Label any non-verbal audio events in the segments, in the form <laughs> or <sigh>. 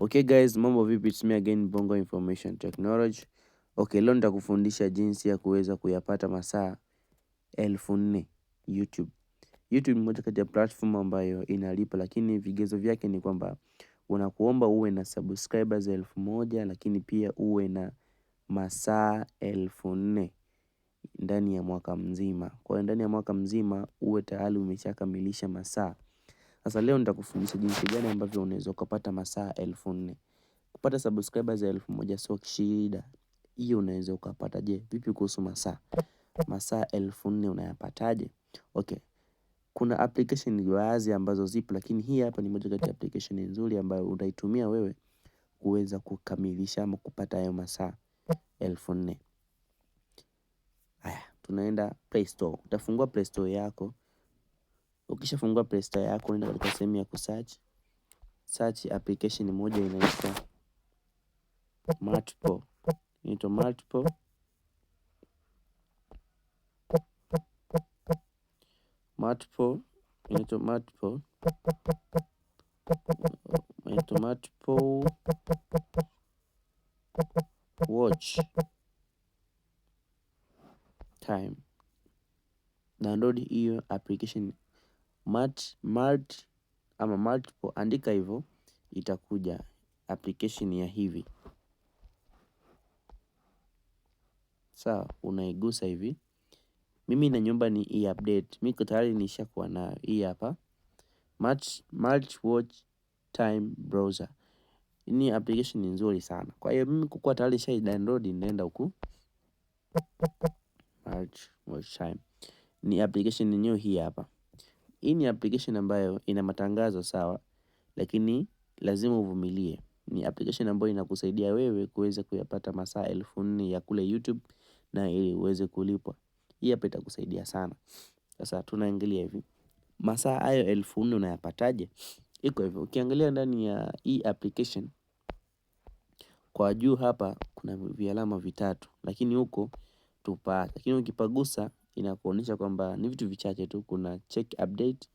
Okay guys, mambo vipi? It's me again Bongo Information Technology. Okay, leo nitakufundisha jinsi ya kuweza kuyapata masaa elfu nne YouTube. YouTube ni moja kati ya platform ambayo inalipa, lakini vigezo vyake ni kwamba unakuomba uwe na subscribers elfu moja lakini pia uwe na masaa elfu nne ndani ya mwaka mzima. Kwa hiyo ndani ya mwaka mzima uwe tayari umeshakamilisha masaa sasa leo nitakufundisha jinsi gani ambavyo unaweza ukapata masaa elfu nne. Kupata subscribers elfu moja sio shida. Hiyo unaweza ukapata. Je, vipi kuhusu masaa? Masaa elfu nne unayapataje? Okay. Kuna application baadhi ambazo zipo lakini hii hapa ni moja kati ya application nzuri ambayo utaitumia wewe kuweza kukamilisha ama kupata hayo masaa elfu nne. Haya, tunaenda Play Store. Utafungua Play Store yako. Ukishafungua Store yako unaenda katika sehemu ya kusearch. Search application moja inaitwa multiple, inaitwa multiple. Multiple inaitwa multiple, inaitwa multiple watch time. Download hiyo application mult ama multiple andika hivyo, itakuja application ya hivi. Sawa, unaigusa hivi. Mimi na nyumba ni hii update, miko tayari nishakuwa nayo hii hapa mult, mult watch time browser. Ni application ni nzuri sana. Kwa hiyo mimi kukuwa tayari shai download nenda huku mult watch time. Ni application yenyewe hii hapa. Hii ni application ambayo ina matangazo sawa, lakini lazima uvumilie. Ni application ambayo inakusaidia wewe kuweza kuyapata masaa elfu nne ya kule YouTube na ili uweze kulipwa. Hii hapa itakusaidia sana. Sasa tunaangalia hivi. Masaa hayo elfu nne unayapataje? Iko hivyo. Ukiangalia ndani ya hii application kwa juu hapa kuna vialama vitatu, lakini huko tupa. lakini ukipagusa inakuonyesha kwamba ni vitu vichache tu, kuna check update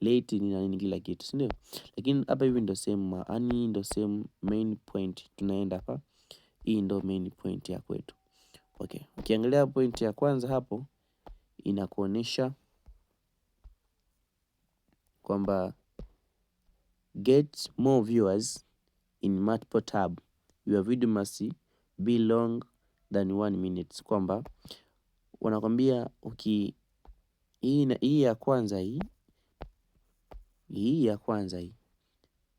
late ni na nini kila kitu, si ndio? Lakini hapa hivi ndio same, yani ndio same main point tunaenda hapa. Hii ndio main point ya kwetu. Okay, ukiangalia point ya kwanza hapo inakuonyesha kwamba get more viewers in multiple tab your video must be long than one minute, kwamba wanakwambia uki hii, hii ya kwanza hii hii ya kwanza hii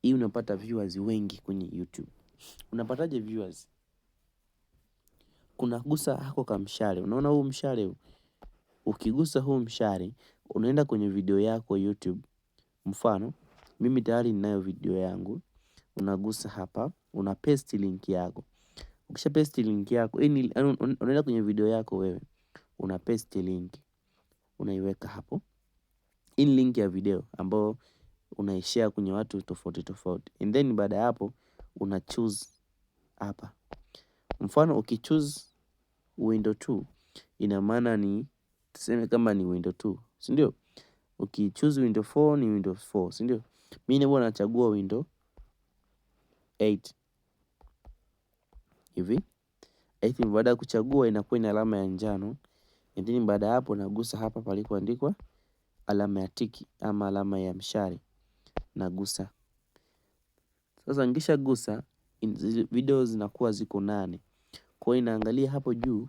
hii unapata viewers wengi kwenye YouTube. Unapataje viewers? gusa hako ka mshale, unaona huu mshale Ukigusa huu mshale unaenda kwenye video yako YouTube. Mfano mimi tayari ninayo video yangu, unagusa hapa, una paste link yako. Ukisha paste link yako, yaani, yaani unaenda kwenye video yako wewe una paste link unaiweka hapo. Hii link ya video ambayo unaishare kwenye watu tofauti tofauti, and then baada ya hapo una choose hapa. Mfano ukichoose window 2 ina maana ni tuseme kama ni window 2, si ndio? Ukichoose window 4 ni window 4, si ndio? Mimi bwana nachagua window 8 hivi. I think baada ya kuchagua inakuwa ina alama ya njano. And then baada ya hapo nagusa hapa palipoandikwa alama ya tiki ama alama ya mshale nagusa. Sasa ngisha gusa video zinakuwa ziko nane. Kwa hiyo inaangalia hapo juu,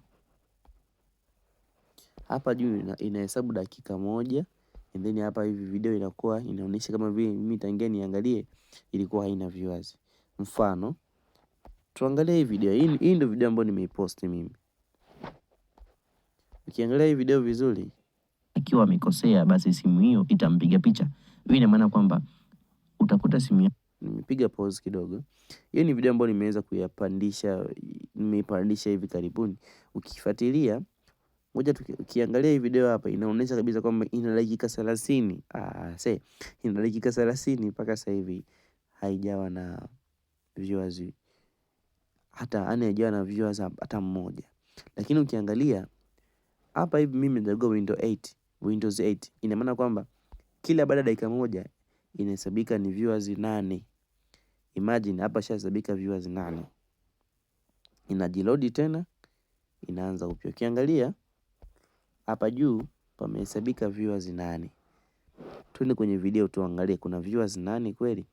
hapa juu inahesabu dakika moja, and then hapa hivi video inakuwa inaonyesha kama vile mimi tangia niangalie ilikuwa haina viewers. Mfano tuangalie hii video hii, hii ndio video ambayo nimeiposti mimi. Ukiangalia hii video vizuri, ikiwa amekosea, basi simu hiyo itampiga picha. Hii ina maana kwamba utakuta simu ya... nimepiga pause kidogo. Hiyo ni video ambayo nimeweza kuyapandisha, nimeipandisha hivi karibuni. Ukifuatilia moja, ukiangalia hii video hapa, inaonyesha kabisa kwamba ina dakika 30. Ah, see, ina dakika 30 mpaka sasa hivi haijawa na viewers hata, yani haijawa na viewers hata mmoja, lakini ukiangalia hapa hivi mimi nitachagua window 8, Windows 8. Ina maana kwamba kila baada ya dakika moja inahesabika ni viewers nane. Imagine hapa shahesabika viewers nane. Inajiload tena, inaanza upya. Ukiangalia hapa juu pamehesabika viewers nane. Twende kwenye video tuangalie kuna viewers nane kweli?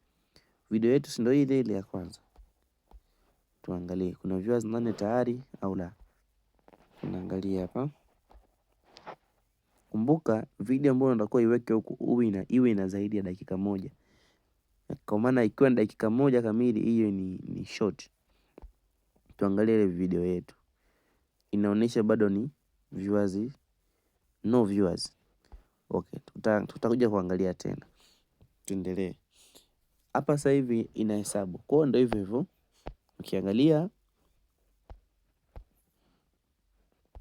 Video yetu si ndio ile ile ya kwanza. Tuangalie kuna viewers nane tayari au la. Tunaangalia hapa. Kumbuka video ambayo unatakiwa iweke huku iwe ina zaidi ya dakika moja. Kwa maana ikiwa ni dakika moja kamili hiyo ni short. Tuangalie ile video yetu. Inaonyesha bado ni viewers, no viewers. Okay, tutakuja kuangalia tena. Tuendelee. Hapa sasa hivi inahesabu. Kwa ndio hivyo hivyo. Ukiangalia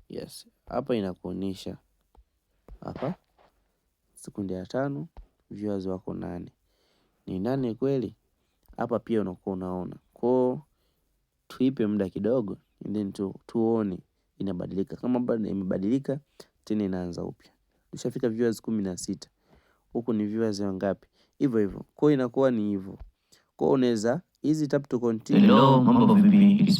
yes, hapa inakuonyesha hapa. Sekunde ya tano, viewers wako nane. Ni nane kweli? Hapa pia unakuwa unaona. Kwa tuipe muda kidogo and then tu, tuone inabadilika. Kama bado imebadilika tena inaanza upya. Ushafika viewers kumi na sita. Huku ni viewers wangapi? Hivyo hivyo. Kwa inakuwa ni hivyo. Kwa unaweza easy tap to continue. Hello, mambo vipi?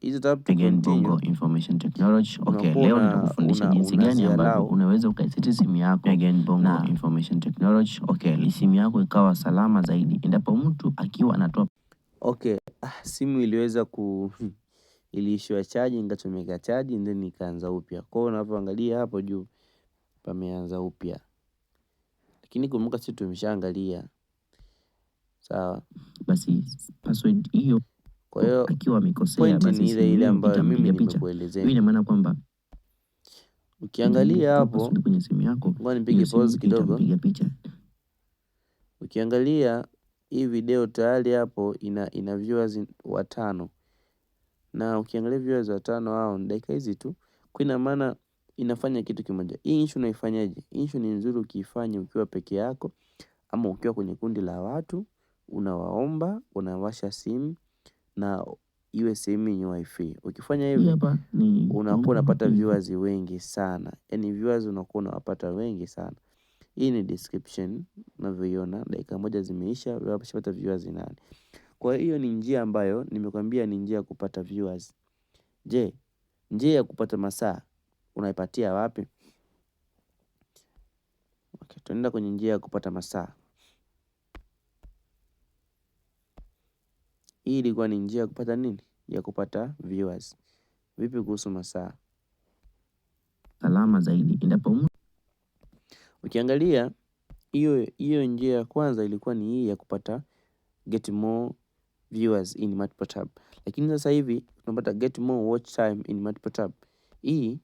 hizi tab Bongo Information Technology. Okay, leo nitakufundisha jinsi gani ambavyo unaweza ukaiseti simu yako Again, Bongo na Information Technology. Okay, simu yako ikawa salama zaidi endapo mtu akiwa anatoa okay. Ah, simu iliweza ku <laughs> iliishiwa chaji, nikachomeka chaji then ikaanza upya. Kwa hiyo unapoangalia hapo juu pameanza upya, lakini kumbuka sisi tumeshaangalia sawa. Basi password hiyo kwa hiyo akiwa amekosea ni ile ile ambayo mimi nimekuelezea. Ina maana kwamba ukiangalia hapo kwenye simu yako, ngoja nipige pause kidogo, piga picha. Ukiangalia hii video tayari hapo ina, ina viewers watano na ukiangalia viewers watano hao ni dakika hizi tu, kwa ina maana inafanya kitu kimoja. Hii issue unaifanyaje? Issue ni nzuri ukiifanya ukiwa peke yako ama ukiwa kwenye kundi la watu, unawaomba, unawasha simu na iwe sehemu yenye wifi. Ukifanya hivyo unakuwa unapata viewers wengi sana, yani viewers unakuwa unawapata wengi sana. Hii ni description unavyoiona, dakika moja zimeisha, wameshapata viewers nane. Kwa hiyo ni njia ambayo nimekwambia ni njia ya kupata viewers. Je, njia ya kupata masaa unaipatia wapi? Tunaenda kwenye njia ya kupata masaa. Hii ilikuwa ni njia ya kupata nini? Ya kupata viewers. Vipi kuhusu masaa? Salama zaidi endapo ukiangalia hiyo hiyo njia ya kwanza ilikuwa ni hii ya kupata get more viewers in multiple tab, lakini sasa hivi tunapata get more watch time in multiple tab. Hii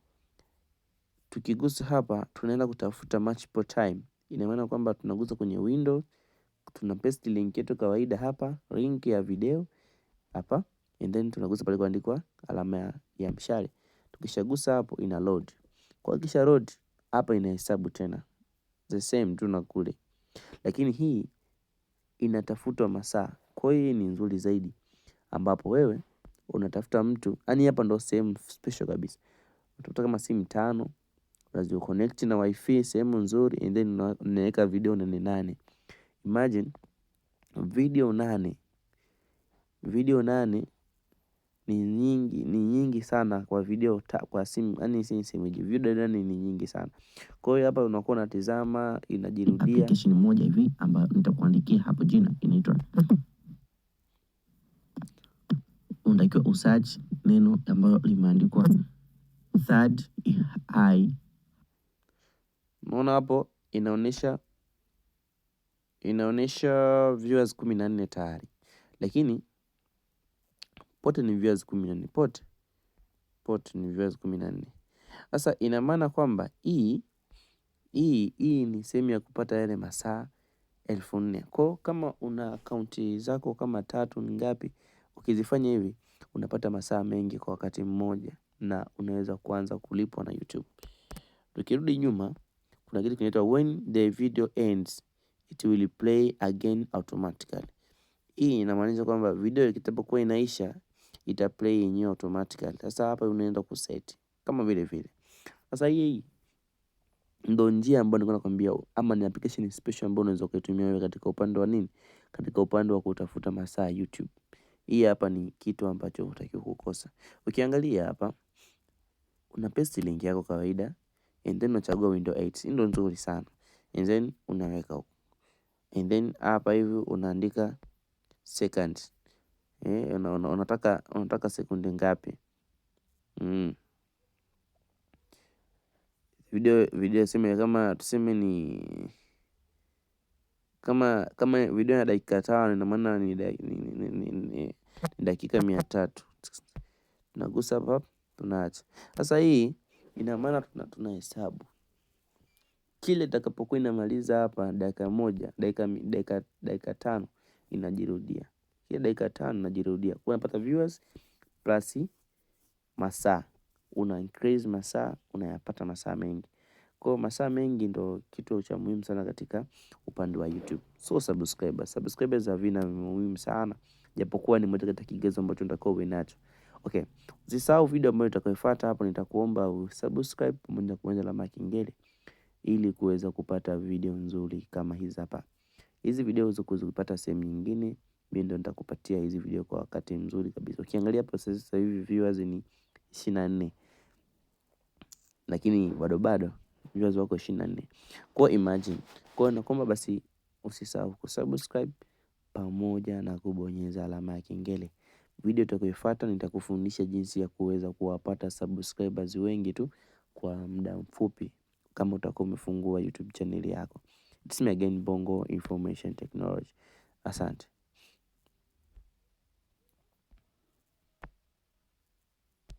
tukigusa hapa tunaenda kutafuta multiple time, ina maana kwamba tunagusa kwenye window, tuna paste link yetu kawaida hapa, link ya video hapa and then tunagusa pale kuandikwa alama ya mshale. Tukishagusa hapo ina load. Kwa kisha load hapa inahesabu tena the same tu na kule, lakini hii inatafutwa masaa. Kwa hiyo hii ni nzuri zaidi, ambapo wewe unatafuta mtu yani, hapa ndo sehemu special kabisa. Utakuta kama simu tano lazima connect na wifi sehemu nzuri, and then unaweka video nane nane, imagine video nane video nane ni nyingi, ni nyingi sana kwa video ta, kwa simu yani si nisemeje, video nane ni nyingi sana. Kwa hiyo hapa unakuwa unatizama inajirudia. Application moja hivi ambayo nitakuandikia hapo jina inaitwa unatakiwa usearch neno ambalo limeandikwa Third Eye. Unaona hapo inaonesha inaonyesha viewers kumi na nne tayari, lakini pote ni viazi kumi na nne pote pote ni viazi kumi na nne. Sasa ina maana kwamba hii hii hii ni sehemu ya kupata yale masaa elfu nne. Kwa kama una akaunti zako kama tatu ni ngapi, ukizifanya hivi unapata masaa mengi kwa wakati mmoja, na unaweza kuanza kulipwa na YouTube. Tukirudi nyuma, kuna kitu kinaitwa when the video ends it will play again automatically. Hii inamaanisha kwamba video ikitapokuwa inaisha ita play yenyewe automatically. Sasa hapa unaenda kuset kama vile vile. Sasa hii ndo njia ambayo nilikuwa nakwambia, ama ni application special ambayo unaweza kutumia wewe katika upande wa nini, katika upande wa kutafuta masaa YouTube. Hii hapa ni kitu ambacho hutaki kukosa. Ukiangalia hapa, una paste link yako kawaida, and then unachagua window 8. Hii ndo nzuri sana, and then unaweka huko, and then hapa hivi unaandika seconds Eh, unataka sekunde ngapi? Hmm. Video tuseme kama tuseme ni kama kama video ya dakika tano, ina maana ni dakika mia tatu. Tunagusa hapa, tunaacha. Sasa hii ina maana tunahesabu kile itakapokuwa inamaliza hapa dakika moja, dakika tano inajirudia kila dakika tano najirudia, kwa unapata viewers plus masaa, una increase masaa, unayapata masaa mengi. Kwa masaa mengi ndo kitu cha muhimu sana katika upande wa YouTube. So subscribers, subscribers havina muhimu sana, japokuwa ni moja kati ya kigezo ambacho nitakuwa uwe nacho. Okay, usisahau video ambayo itakayofuata hapo, nitakuomba usubscribe pamoja na kubonyeza alama ya kengele ili kuweza kupata video nzuri kama hizi hapa. Hizi video huwezi kuzipata sehemu nyingine mi ndo nitakupatia hizi video kwa wakati mzuri kabisa. Ukiangalia hapa sasa hivi viewers ni ishirini na nne lakini bado bado viewers wako ishirini na nne kwa imagine. Kwa hiyo naomba basi usisahau kusubscribe pamoja na kubonyeza alama ya kengele. Video itakayofuata nitakufundisha jinsi ya kuweza kuwapata subscribers wengi tu kwa muda mfupi, kama utakuwa umefungua YouTube channel yako. It's me again Bongo Information Technology. Asante.